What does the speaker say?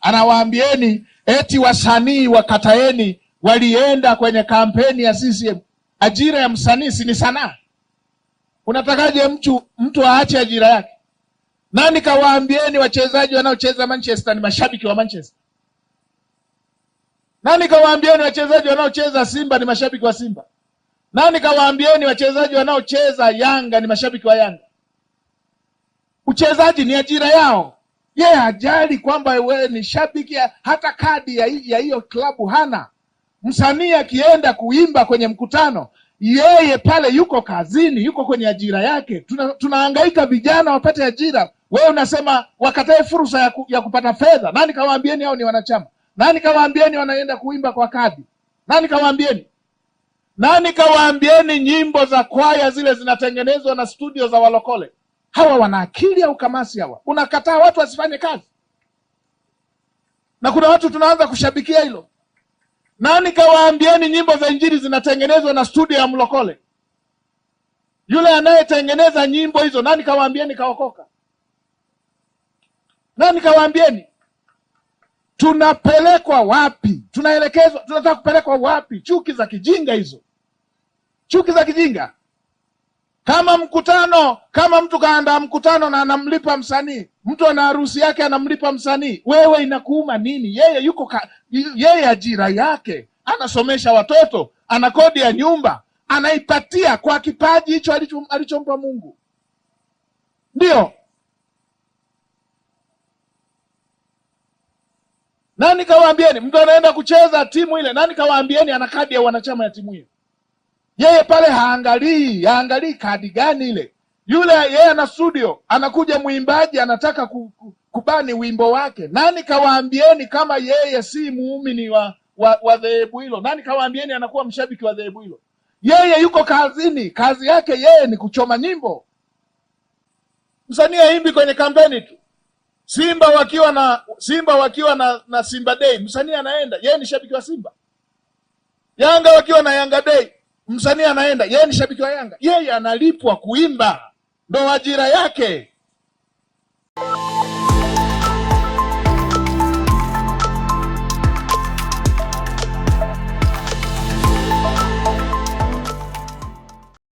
Anawaambieni eti wasanii wakataeni walienda kwenye kampeni ya CCM. Ajira ya msanii si ni sanaa? Unatakaje mtu mtu aache ajira yake? Nani kawaambieni wachezaji wanaocheza Manchester ni mashabiki wa Manchester? Nani kawaambieni wachezaji wanaocheza Simba ni mashabiki wa Simba? Nani kawaambieni wachezaji wanaocheza Yanga ni mashabiki wa Yanga? Uchezaji ni ajira yao yeye yeah, hajali kwamba wewe ni shabiki, hata kadi ya hiyo klabu hana. Msanii akienda kuimba kwenye mkutano, yeye pale yuko kazini, yuko kwenye ajira yake. Tuna, tunahangaika vijana wapate ajira, wewe unasema wakatae fursa ya, ku, ya kupata fedha. Nani kawaambieni hao ni wanachama? Nani kawaambieni wanaenda kuimba kwa kadi? Nani kawaambieni? Nani kawaambieni nyimbo za kwaya zile zinatengenezwa na studio za walokole? Hawa wana akili au kamasi? Hawa unakataa watu wasifanye kazi, na kuna watu tunaanza kushabikia hilo. Nani kawaambieni nyimbo za injili zinatengenezwa na studio ya mlokole? Yule anayetengeneza nyimbo hizo, nani kawaambieni kaokoka? Nani kawaambieni? Tunapelekwa wapi? Tunaelekezwa, tunataka kupelekwa wapi? Chuki za kijinga hizo, chuki za kijinga kama mkutano, kama mtu kaandaa mkutano na anamlipa msanii, mtu ana harusi yake anamlipa msanii, wewe inakuuma nini? Yeye yuko ka, yeye ajira yake anasomesha watoto, ana kodi ya nyumba anaipatia kwa kipaji hicho alichompa Mungu. Ndio nani kawaambieni? Mtu anaenda kucheza timu ile, nani kawaambieni ana kadi ya wanachama ya timu hiyo? Yeye pale haangalii haangalii kadi gani ile, yule yeye ana studio, anakuja mwimbaji anataka kubani wimbo wake. Nani kawaambieni kama yeye si muumini wa wa, dhehebu hilo? Nani kawaambieni anakuwa mshabiki wa dhehebu hilo? Yeye yuko kazini, kazi yake yeye ni kuchoma nyimbo. Msanii aimbi kwenye kampeni tu, Simba wakiwa na Simba wakiwa na, na Simba dei msanii anaenda, yeye ni shabiki wa Simba. Yanga wakiwa na Yanga dei Msanii anaenda yeye ni shabiki wa Yanga, yeye analipwa kuimba, ndo ajira yake.